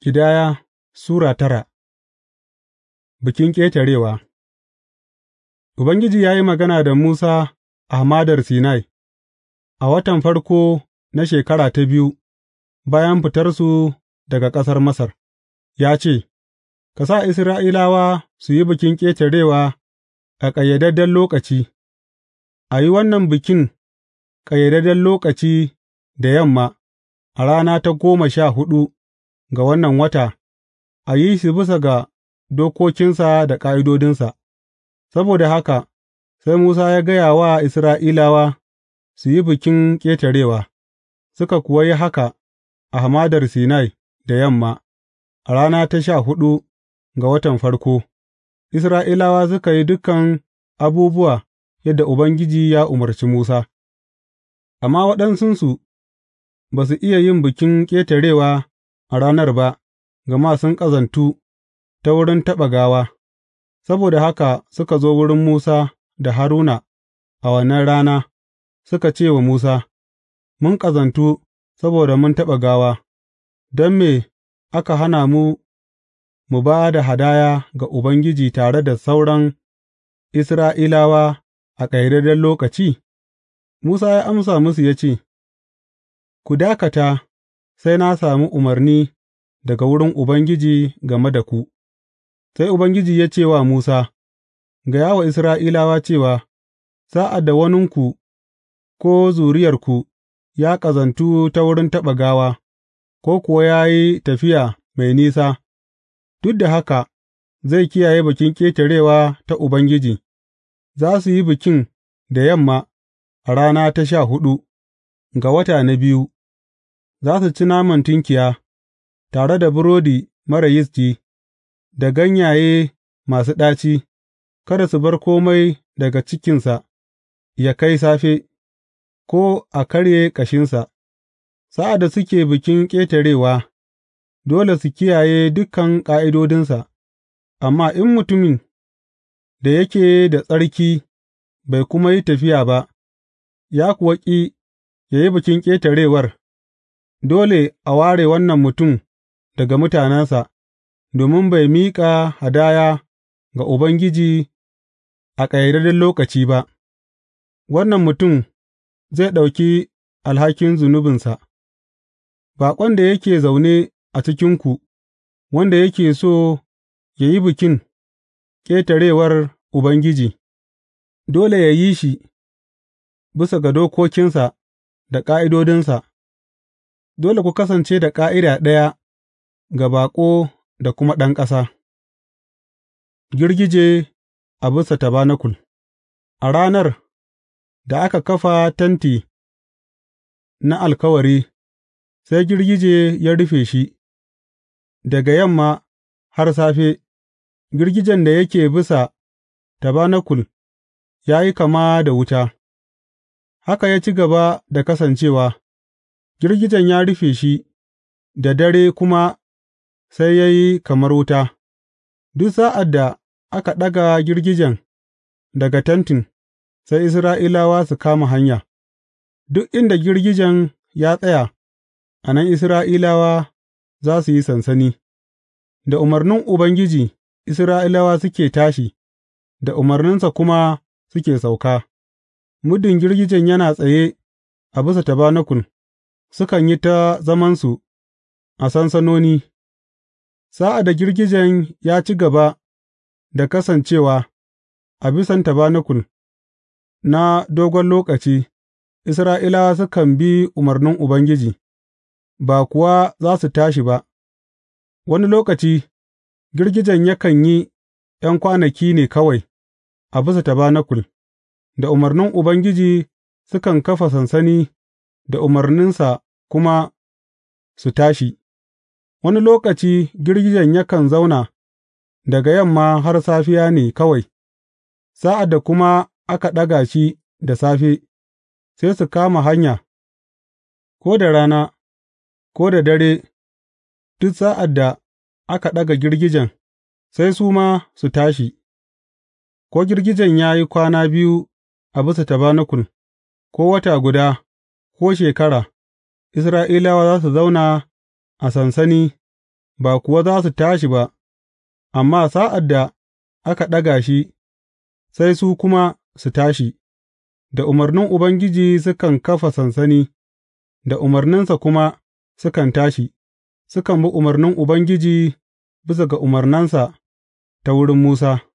Ƙidaya Sura tara Bikin Ƙetarewa Ubangiji ya yi magana da Musa a Hamadar Sinai, a watan farko na shekara ta biyu bayan fitarsu daga ƙasar Masar, ya ce, Ka sa Isra'ilawa su yi bikin ƙetarewa a ƙayyadadden lokaci, a yi wannan bikin ƙayyadadden lokaci da yamma a rana ta goma sha huɗu. ga wannan wata, a yi shi bisa ga dokokinsa da ƙa'idodinsa, saboda haka sai Musa ya gaya wa Isra'ilawa su yi Bikin Ƙetarewa, suka kuwa yi haka a Hamadar Sinai da yamma, a rana ta sha huɗu ga watan farko, Isra'ilawa suka yi dukan abubuwa yadda Ubangiji ya umarci Musa, amma waɗansunsu ba su iya yin Bikin Ƙetarewa a ranar ba, gama sun ƙazantu ta wurin taɓa gawa, saboda haka suka zo wurin Musa da Haruna a wannan rana, suka ce wa Musa, Mun ƙazantu saboda mun taɓa gawa, don me aka hana mu mu ba da hadaya ga Ubangiji tare da sauran Isra'ilawa a ƙayyadadden lokaci? Musa ya amsa musu ya ce, Ku dakata sai na sami umarni daga wurin Ubangiji game da ku, sai Ubangiji ya ce wa Musa, Gaya wa Isra'ilawa cewa, Sa'ad da waninku ko zuriyarku ya ƙazantu ta wurin taɓa gawa, ko kuwa ya yi tafiya mai nisa, duk da haka zai kiyaye Bikin Ƙetarewa ta Ubangiji, za su yi bikin da yamma a rana ta sha huɗu ga wata na biyu. za su ci naman tunkiya, tare da burodi marar yisti, da ganyaye masu ɗaci, kada su bar komai daga cikinsa ya kai safe, ko a karye ƙashinsa. Sa'ad da suke Bikin Ƙetarewa, dole su kiyaye dukan ƙa'idodinsa, amma in mutumin da yake da tsarki bai kuma yi tafiya ba, ya kuwa ƙi yă yi Bikin Ƙetarewar. dole a ware wannan mutum daga mutanensa, domin bai miƙa hadaya ga Ubangiji a ƙayyadadden lokaci ba, wannan mutum zai ɗauki alhakin zunubinsa, baƙon da yake zaune a cikinku, wanda yake so ya yi bikin ƙetarewar Ubangiji, dole ya yi shi bisa ga dokokinsa da ƙa'idodinsa. dole ku kasance da ƙa'ida ɗaya ga baƙo da kuma ɗan ƙasa. Girgije a bisa tabanakul A ranar da aka kafa tenti na alkawari, sai girgije ya rufe shi, daga yamma har safe, girgijen da yake bisa tabanakul ya yi kama da wuta, haka ya ci gaba da kasancewa. Girgijen ya rufe shi, da dare kuma sai ya yi kamar wuta, duk sa'ad da aka ɗaga girgijen daga tentin, sai Isra'ilawa su kama hanya, duk inda girgijen ya tsaya, a nan Isra'ilawa za su yi sansani, da umarnin Ubangiji Isra'ilawa suke tashi, da umarninsa kuma suke sauka, muddin girgijen yana tsaye a bisa tabanakul. sukan yi ta zamansu a sansanoni, sa'ad da girgijen ya ci gaba da kasancewa a bisan tabanakul na dogon lokaci, Isra'ilawa sukan bi umarnin Ubangiji, ba kuwa za su tashi ba, wani lokaci girgijen yakan yi ’yan kwanaki ne kawai a bisa tabanakul, da umarnin Ubangiji sukan kafa sansani. da umarninsa kuma su tashi, wani lokaci girgijen yakan zauna daga yamma har safiya ne kawai, sa'ad da kuma aka ɗaga shi da safe, sai su kama hanya, ko da rana, ko da dare, duk sa'ad da aka ɗaga girgijen, sai su ma su tashi, ko girgijen ya yi kwana biyu a bisa tabanakul, ko wata guda. ko shekara, Isra'ilawa za su zauna a sansani ba kuwa za su tashi ba, amma sa'ad da aka ɗaga shi, sai su kuma su tashi, da umarnin Ubangiji sukan kafa sansani, da umarninsa kuma sukan tashi, sukan bi umarnin Ubangiji bisa ga umarnansa ta wurin Musa.